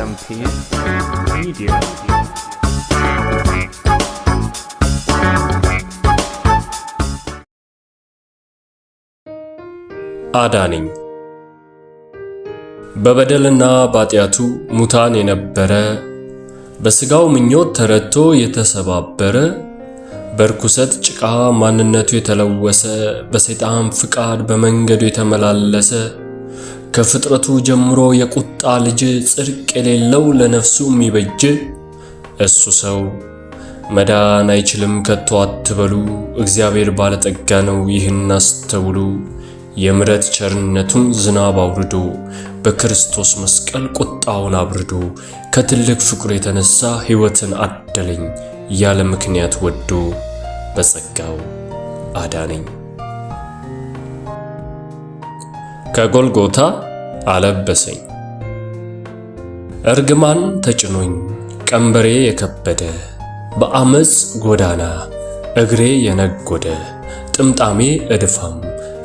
SMP Media. አዳነኝ በበደልና ባጢያቱ ሙታን የነበረ በስጋው ምኞት ተረድቶ የተሰባበረ በርኩሰት ጭቃ ማንነቱ የተለወሰ በሰይጣን ፍቃድ በመንገዱ የተመላለሰ ከፍጥረቱ ጀምሮ የቁጣ ልጅ ጽድቅ የሌለው ለነፍሱ የሚበጅ እሱ ሰው መዳን አይችልም ከቶ አትበሉ። እግዚአብሔር ባለጠጋ ነው፣ ይህን አስተውሉ። የምረት ቸርነቱን ዝናብ አውርዶ በክርስቶስ መስቀል ቁጣውን አብርዶ ከትልቅ ፍቅሩ የተነሳ ሕይወትን አደለኝ ያለ ምክንያት ወዶ በጸጋው አዳነኝ። ከጎልጎታ አለበሰኝ። እርግማን ተጭኖኝ ቀንበሬ የከበደ በአመፅ ጎዳና እግሬ የነጎደ ጥምጣሜ እድፋም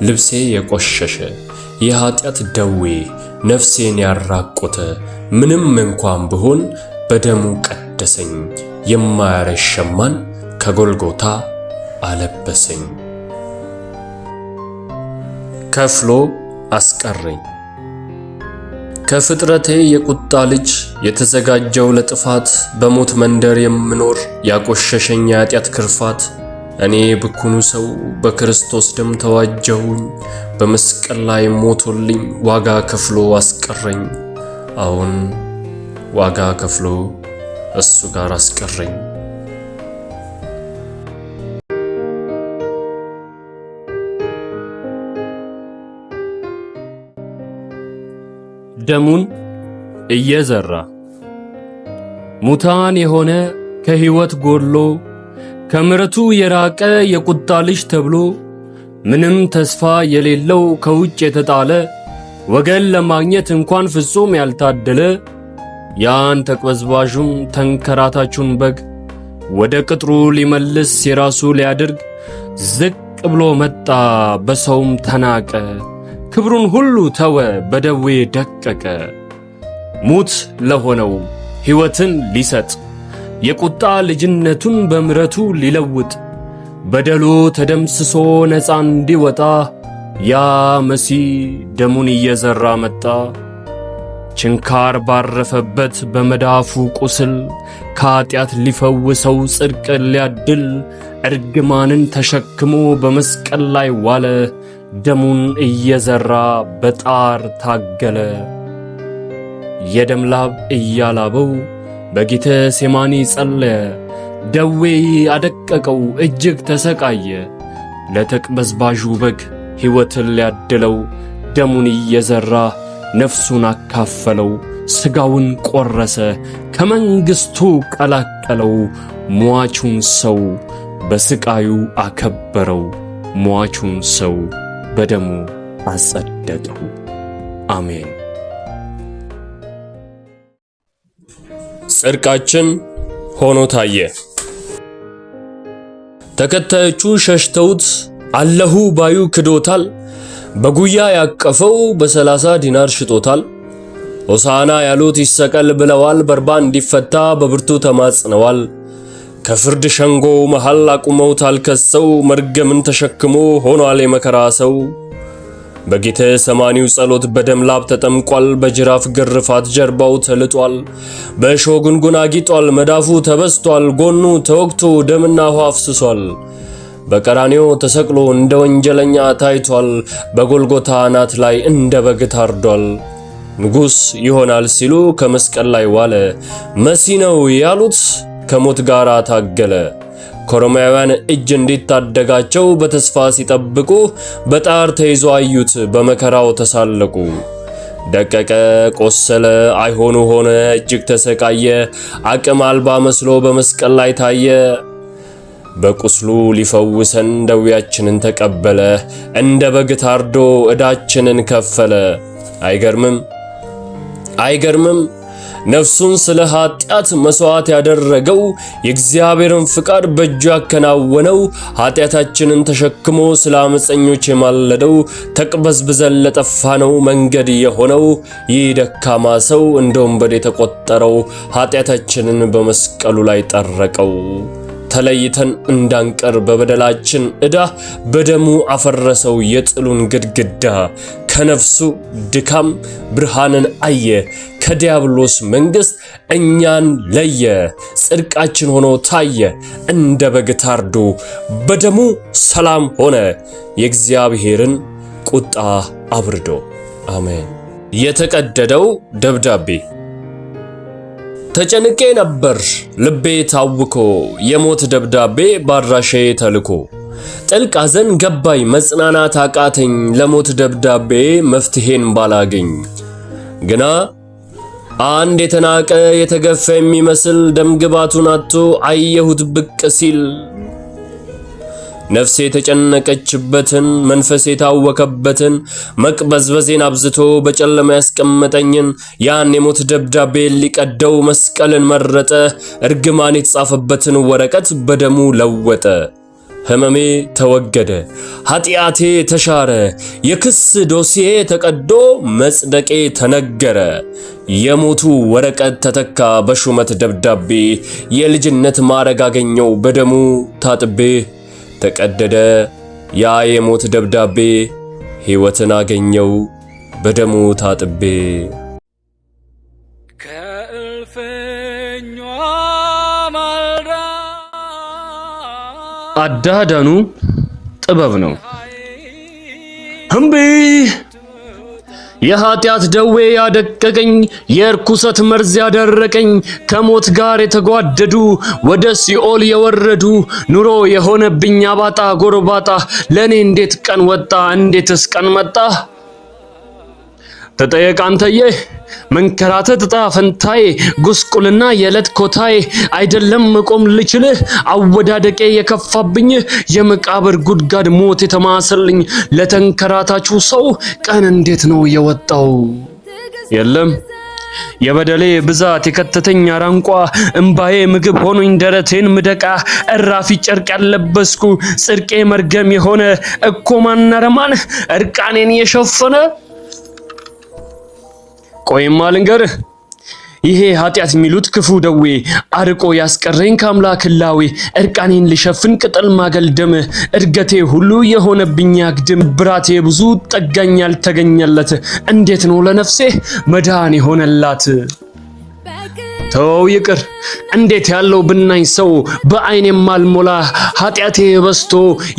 ልብሴ የቆሸሸ የኀጢአት ደዌ ነፍሴን ያራቆተ ምንም እንኳን ብሆን በደሙ ቀደሰኝ የማያረሽ ሸማን ከጎልጎታ አለበሰኝ። ከፍሎ አስቀረኝ። ከፍጥረቴ የቁጣ ልጅ የተዘጋጀው ለጥፋት በሞት መንደር የምኖር ያቆሸሸኝ የኃጢአት ክርፋት እኔ ብኩኑ ሰው በክርስቶስ ደም ተዋጀሁኝ፣ በመስቀል ላይ ሞቶልኝ ዋጋ ከፍሎ አስቀረኝ። አሁን ዋጋ ከፍሎ እሱ ጋር አስቀረኝ። ደሙን እየዘራ ሙታን የሆነ ከሕይወት ጎድሎ ከምሕረቱ የራቀ የቁጣ ልጅ ተብሎ ምንም ተስፋ የሌለው ከውጭ የተጣለ ወገን ለማግኘት እንኳን ፍጹም ያልታደለ ያን ተቅበዝባዡን ተንከራታቹን በግ ወደ ቅጥሩ ሊመልስ የራሱ ሊያደርግ ዝቅ ብሎ መጣ፣ በሰውም ተናቀ። ክብሩን ሁሉ ተወ፣ በደዌ ደቀቀ። ሙት ለሆነው ሕይወትን ሊሰጥ የቁጣ ልጅነቱን በምረቱ ሊለውጥ በደሉ ተደምስሶ ነፃ እንዲወጣ ያ መሲህ ደሙን እየዘራ መጣ። ችንካር ባረፈበት በመዳፉ ቁስል ከኀጢአት ሊፈውሰው ጽድቅ ሊያድል እርግማንን ተሸክሞ በመስቀል ላይ ዋለ። ደሙን እየዘራ በጣር ታገለ። የደም ላብ እያላበው በጌተ ሴማኒ ጸለየ። ደዌ አደቀቀው እጅግ ተሰቃየ። ለተቅበዝባዡ በግ ሕይወትን ሊያድለው ደሙን እየዘራ ነፍሱን አካፈለው። ሥጋውን ቈረሰ ከመንግሥቱ ቀላቀለው። ሟቹን ሰው በስቃዩ አከበረው ሟቹን ሰው በደሙ አጸደቅሁ። አሜን። ጽድቃችን ሆኖ ታየ። ተከታዮቹ ሸሽተውት አለሁ ባዩ ክዶታል። በጉያ ያቀፈው በሰላሳ ዲናር ሽጦታል። ሆሳና ያሉት ይሰቀል ብለዋል። በርባን እንዲፈታ በብርቱ ተማጽነዋል። ከፍርድ ሸንጎው መሃል አቁመውታል ከሰው መርገምን ተሸክሞ ሆኗል የመከራ ሰው። በጌተ ሰማኒው ጸሎት በደም ላብ ተጠምቋል። በጅራፍ ግርፋት ጀርባው ተልጧል። በእሾህ ጉንጉን አጊጧል። መዳፉ ተበስቷል። ጎኑ ተወግቶ ደምና ውሃ አፍስሷል። በቀራኔው ተሰቅሎ እንደ ወንጀለኛ ታይቷል። በጎልጎታ አናት ላይ እንደ በግ ታርዷል። ንጉሥ ይሆናል ሲሉ ከመስቀል ላይ ዋለ። መሲ ነው ያሉት ከሞት ጋር ታገለ። ኮሮማያውያን እጅ እንዲታደጋቸው በተስፋ ሲጠብቁ በጣር ተይዞ አዩት፣ በመከራው ተሳለቁ። ደቀቀ፣ ቆሰለ፣ አይሆኑ ሆነ፣ እጅግ ተሰቃየ፣ አቅም አልባ መስሎ በመስቀል ላይ ታየ። በቁስሉ ሊፈውሰን ደዌያችንን ተቀበለ፣ እንደ በግ ታርዶ ዕዳችንን ከፈለ። አይገርምም? አይገርምም? ነፍሱን ስለ ኃጢአት መሥዋዕት ያደረገው የእግዚአብሔርን ፍቃድ በእጁ ያከናወነው ኃጢአታችንን ተሸክሞ ስለ ዓመፀኞች የማለደው ተቅበዝብዘን ለጠፋነው መንገድ የሆነው ይህ ደካማ ሰው እንደ ወንበዴ የተቆጠረው ኃጢአታችንን በመስቀሉ ላይ ጠረቀው። ተለይተን እንዳንቀር በበደላችን ዕዳ በደሙ አፈረሰው የጥሉን ግድግዳ። ከነፍሱ ድካም ብርሃንን አየ። ከዲያብሎስ መንግስት እኛን ለየ፣ ጽድቃችን ሆኖ ታየ። እንደ በግ ታርዶ በደሙ ሰላም ሆነ፣ የእግዚአብሔርን ቁጣ አብርዶ። አሜን። የተቀደደው ደብዳቤ ተጨንቄ ነበር ልቤ ታውኮ፣ የሞት ደብዳቤ ባድራሻዬ ተልኮ። ጥልቅ አዘን ገባኝ መጽናናት አቃተኝ፣ ለሞት ደብዳቤ መፍትሄን ባላገኝ ግና አንድ የተናቀ የተገፋ የሚመስል ደምግባቱን አጥቶ አየሁት ብቅ ሲል ነፍሴ የተጨነቀችበትን መንፈስ የታወከበትን መቅበዝበዜን አብዝቶ በጨለማ ያስቀመጠኝን ያን የሞት ደብዳቤ ሊቀደው መስቀልን መረጠ። እርግማን የተጻፈበትን ወረቀት በደሙ ለወጠ። ሕመሜ ተወገደ፣ ኃጢአቴ ተሻረ፣ የክስ ዶሴ ተቀዶ መጽደቄ ተነገረ። የሞቱ ወረቀት ተተካ በሹመት ደብዳቤ፣ የልጅነት ማዕረግ አገኘው በደሙ ታጥቤ። ተቀደደ ያ የሞት ደብዳቤ፣ ሕይወትን አገኘው በደሙ ታጥቤ። አዳዳኑ ጥበብ ነው። እምቢ የኃጢአት ደዌ ያደቀቀኝ የርኩሰት መርዝ ያደረቀኝ ከሞት ጋር የተጓደዱ ወደ ሲኦል የወረዱ ኑሮ የሆነብኝ አባጣ ጎርባጣ ለእኔ እንዴት ቀን ወጣ እንዴትስ ቀን መጣ? ተጠየቅ አንተዬ። መንከራተት ዕጣ ፈንታዬ፣ ጉስቁልና የዕለት ኮታዬ፣ አይደለም መቆም ልችልህ አወዳደቄ የከፋብኝ የመቃብር ጉድጋድ ሞት የተማሰልኝ ለተንከራታችሁ ሰው ቀን እንዴት ነው የወጣው? የለም የበደሌ ብዛት የከተተኝ አራንቋ እምባዬ ምግብ ሆኖኝ ደረቴን ምደቃ እራፊ ጨርቅ ያለበስኩ ጽድቄ መርገም የሆነ እኮ ማናረማን እርቃኔን የሸፈነ ቆይማ ልንገርህ፣ ይሄ ኃጢአት የሚሉት ክፉ ደዌ አርቆ ያስቀረኝ ከአምላክ ሕላዌ እርቃኔን ልሸፍን ቅጠል ማገልደም እድገቴ ሁሉ የሆነብኝ አግድም ብራቴ ብዙ ጠጋኝ ያልተገኘለት እንዴት ነው ለነፍሴ መዳን የሆነላት? ተው ይቅር። እንዴት ያለው ብናኝ ሰው በአይን የማልሞላ ኃጢአቴ በስቶ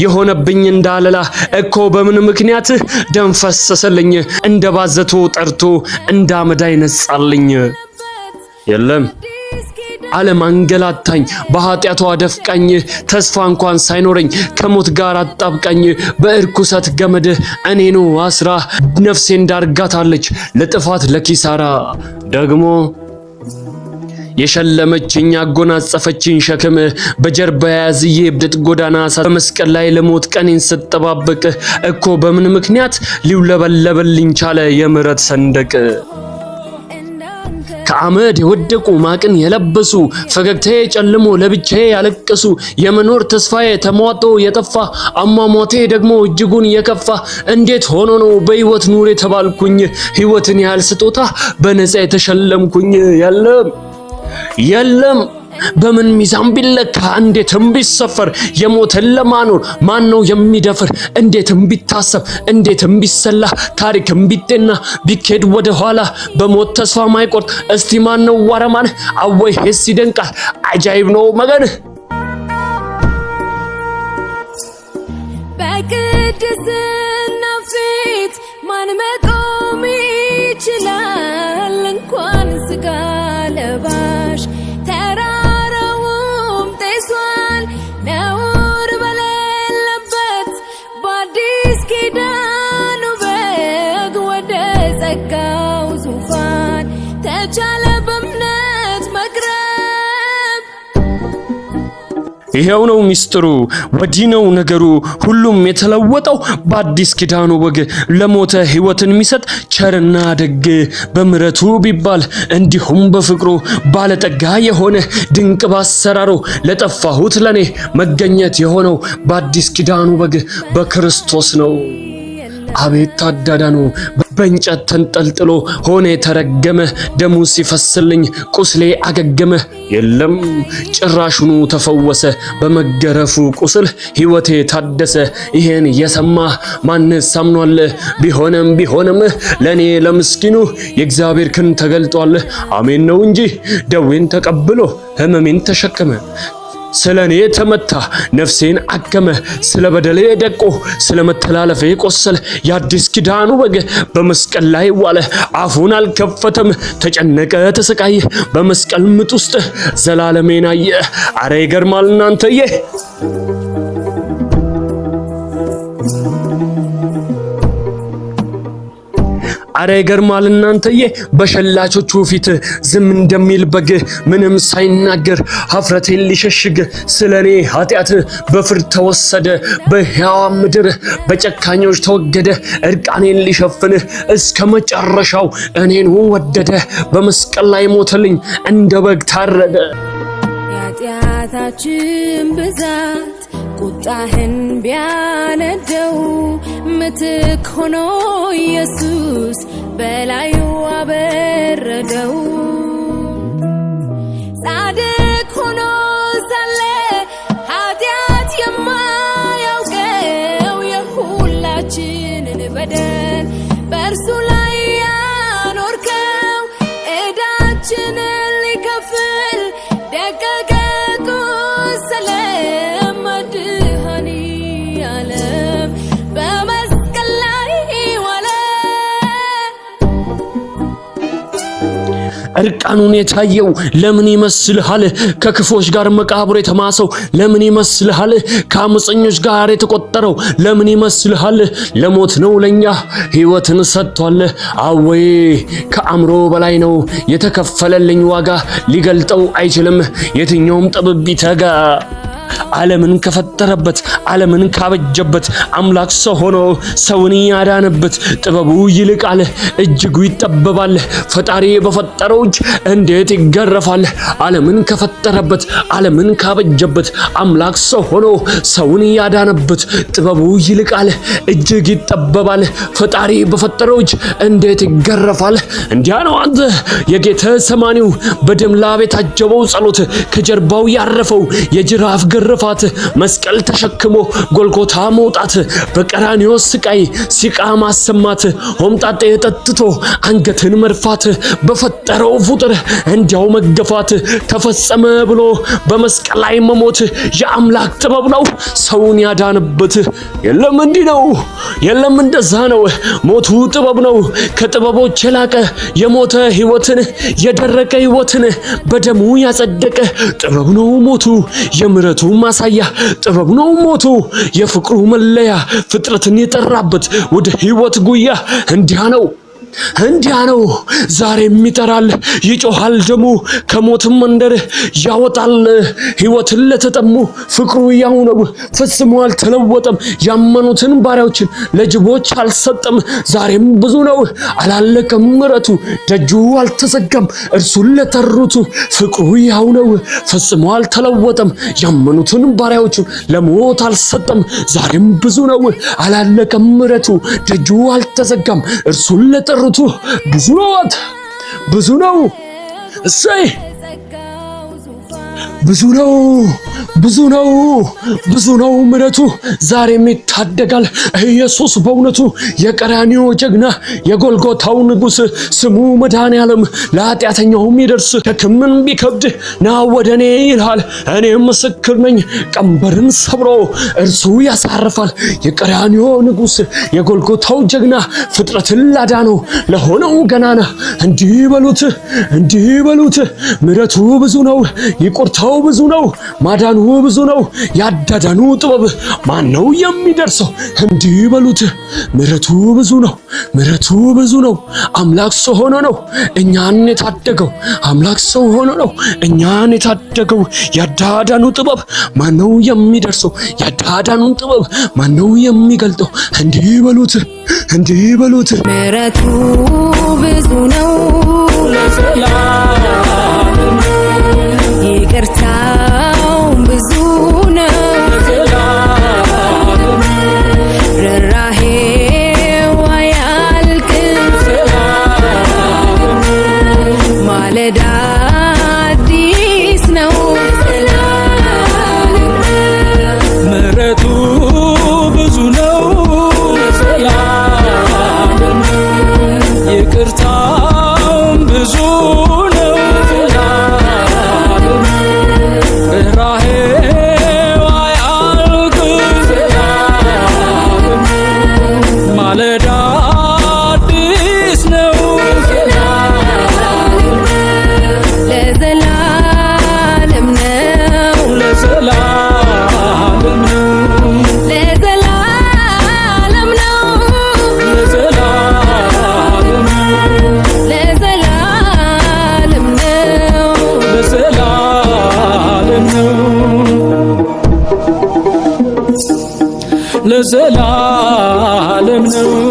የሆነብኝ እንዳለላ እኮ በምን ምክንያት ደም ፈሰሰልኝ እንደ ባዘቶ ጠርቶ እንዳመዳ ይነጻልኝ የለም ዓለም አንገላታኝ በኃጢአቷ አደፍቀኝ ተስፋ እንኳን ሳይኖረኝ ከሞት ጋር አጣብቀኝ በእርኩሰት ገመድ እኔኑ አስራ ነፍሴን ዳርጋታለች ለጥፋት ለኪሳራ ደግሞ የሸለመችኝ ያጎናጸፈችኝ ሸክም በጀርባ የያዝዬ የእብደት ጎዳና ሳ በመስቀል ላይ ለሞት ቀኔን ስጠባበቅ እኮ በምን ምክንያት ሊውለበለበልኝ ቻለ የምረት ሰንደቅ? ከአመድ የወደቁ ማቅን የለበሱ ፈገግታዬ ጨልሞ ለብቻዬ ያለቀሱ የመኖር ተስፋዬ ተሟጦ የጠፋ አሟሟቴ ደግሞ እጅጉን የከፋ እንዴት ሆኖ ነው በሕይወት ኑር የተባልኩኝ ሕይወትን ያህል ስጦታ በነፃ የተሸለምኩኝ? ያለም የለም። በምን ሚዛን ቢለካ እንዴትም ቢሰፈር የሞትን ለማኖር ማን ነው የሚደፍር? እንዴትም ቢታሰብ እንዴትም ቢሰላ ታሪክም ቢጤና ቢኬድ ወደ ኋላ በሞት ተስፋ ማይቆርጥ እስቲ ማን ነው ዋረማን? አወይ ሄስ ይደንቃል፣ አጃይብ ነው መገን በቅድስ ይሄው ነው ሚስጥሩ፣ ወዲህ ነው ነገሩ። ሁሉም የተለወጠው በአዲስ ኪዳኑ ወግ ለሞተ ህይወትን የሚሰጥ ቸርና ደግ በምረቱ ቢባል እንዲሁም በፍቅሩ ባለጠጋ የሆነ ድንቅ ባሰራሩ ለጠፋሁት ለኔ መገኘት የሆነው በአዲስ ኪዳኑ በግ በክርስቶስ ነው። አቤት ታዳዳኑ በእንጨት ተንጠልጥሎ ሆነ የተረገመ ደሙ ሲፈስልኝ ቁስሌ አገገመ። የለም ጭራሹኑ ተፈወሰ በመገረፉ ቁስል ሕይወቴ ታደሰ። ይሄን የሰማ ማንስ ሳምኗል? ቢሆንም ቢሆንም ለኔ ለምስኪኑ የእግዚአብሔር ክን ተገልጧል። አሜን ነው እንጂ ደዌን ተቀብሎ ህመሜን ተሸከመ። ስለ እኔ ተመታ፣ ነፍሴን አከመ፣ ስለ በደሌ ደቆ፣ ስለ መተላለፌ ቆሰለ። የአዲስ ኪዳኑ በግ በመስቀል ላይ ዋለ፣ አፉን አልከፈተም። ተጨነቀ፣ ተሰቃየ፣ በመስቀል ምጥ ውስጥ ዘላለሜን አየ። አረ ይገርማል እናንተዬ! አረ ይገርማል እናንተዬ። በሸላቾቹ ፊት ዝም እንደሚል በግ ምንም ሳይናገር ሀፍረቴን ሊሸሽግ ስለኔ ኃጢአት በፍርድ ተወሰደ። በህያዋ ምድር በጨካኞች ተወገደ። እርቃኔን ሊሸፍን እስከ መጨረሻው እኔን ወደደ። በመስቀል ላይ ሞተልኝ፣ እንደ በግ ታረደ። የኃጢአታችን ብዛት ቁጣህን ቢያነደው ምትክ ሆኖ ኢየሱስ በላዩ አበረደው። ጻድቅ ሆኖ ሳለ ኃጢአት የማያውቀው የሁላችንን በደል በእርሱ እርቃኑን የታየው ለምን ይመስልሃል? ከክፎች ጋር መቃብር የተማሰው ለምን ይመስልሃል? ከአመፀኞች ጋር የተቆጠረው ለምን ይመስልሃል? ለሞት ነው ለኛ ህይወትን ሰጥቷል። አወይ ከአእምሮ በላይ ነው የተከፈለልኝ ዋጋ ሊገልጠው አይችልም የትኛውም ጥብብ ይተጋ? ዓለምን ከፈጠረበት ዓለምን ካበጀበት አምላክ ሰው ሆኖ ሰውን ያዳነበት ጥበቡ ይልቃል፣ እጅጉ ይጠበባል። ፈጣሪ በፈጠረው እጅ እንዴት ይገረፋል? ዓለምን ከፈጠረበት ዓለምን ካበጀበት አምላክ ሰው ሆኖ ሰውን ያዳነበት ጥበቡ ይልቃል፣ እጅግ ይጠበባል። ፈጣሪ በፈጠረው እጅ እንዴት ይገረፋል? እንዲያ ነው አንተ የጌተ ሰማኒው በደም ላብ የታጀበው ጸሎት ከጀርባው ያረፈው የጅራፍ መገረፋት፣ መስቀል ተሸክሞ ጎልጎታ መውጣት፣ በቀራንዮ ስቃይ ሲቃ ማሰማት፣ ሆምጣጤ ጠጥቶ አንገትን መድፋት፣ በፈጠረው ፍጡር እንዲያው መገፋት፣ ተፈጸመ ብሎ በመስቀል ላይ መሞት የአምላክ ጥበብ ነው ሰውን ያዳንበት። የለም እንዲህ ነው፣ የለም እንደዛ ነው፣ ሞቱ ጥበብ ነው ከጥበቦች የላቀ የሞተ ህይወትን የደረቀ ህይወትን በደሙ ያጸደቀ ጥበብ ነው ሞቱ የምረቱ ማሳያ ጥበብ ነው ሞቱ የፍቅሩ መለያ ፍጥረትን የጠራበት ወደ ህይወት ጉያ እንዲያ ነው። እንዲያ ነው ዛሬም ይጠራል፣ ይጮሃል፣ ደሙ ከሞትም መንደር ያወጣል። ሕይወትን ለተጠሙ ፍቅሩ ያው ነው፣ ፈጽሞ አልተለወጠም። ያመኑትን ባሪያዎችን ለጅቦች አልሰጠም። ዛሬም ብዙ ነው፣ አላለቀም ምረቱ ደጁ አልተዘጋም። እርሱን ለተሩቱ ፍቅሩ ያው ነው፣ ፈጽሞ አልተለወጠም። ያመኑትን ባሪያዎቹን ለሞት አልሰጠም። ዛሬም ብዙ ነው፣ አላለቀም ምረቱ። ደጁ አልተዘጋም። እርሱን ለተ የቀሩቱ ብዙ ነዋት ብዙ ነው። እሰይ ብዙ ነው ብዙ ነው ብዙ ነው ምረቱ፣ ዛሬም ይታደጋል። ኢየሱስ በእውነቱ የቀራንዮ ጀግና፣ የጎልጎታው ንጉሥ፣ ስሙ መድኃኔ ዓለም ለኃጢአተኛውም ይደርስ ሸክምን ቢከብድ ና ወደ እኔ ይልሃል። እኔም ምስክር ነኝ። ቀንበርን ሰብሮ እርሱ ያሳርፋል። የቀራንዮ ንጉሥ፣ የጎልጎታው ጀግና፣ ፍጥረትን ነው ለሆነው ገናና እንዲህ በሉት እንዲህ በሉት ብዙ ነው ይቁርታው ጸጋው ብዙ ነው፣ ማዳኑ ብዙ ነው። ያዳዳኑ ጥበብ ማን ነው የሚደርሰው? እንዲህ በሉት ምረቱ ብዙ ነው፣ ምረቱ ብዙ ነው። አምላክ ሰው ሆኖ ነው እኛን የታደገው። አምላክ ሰው ሆኖ ነው እኛን የታደገው። ያዳዳኑ ጥበብ ማን ነው የሚደርሰው? ያዳዳኑን ጥበብ ማን ነው የሚገልጠው? እንዲህ በሉት እንዲህ በሉት ምረቱ ብዙ ነው ለዘላ ለዘላለም ነው።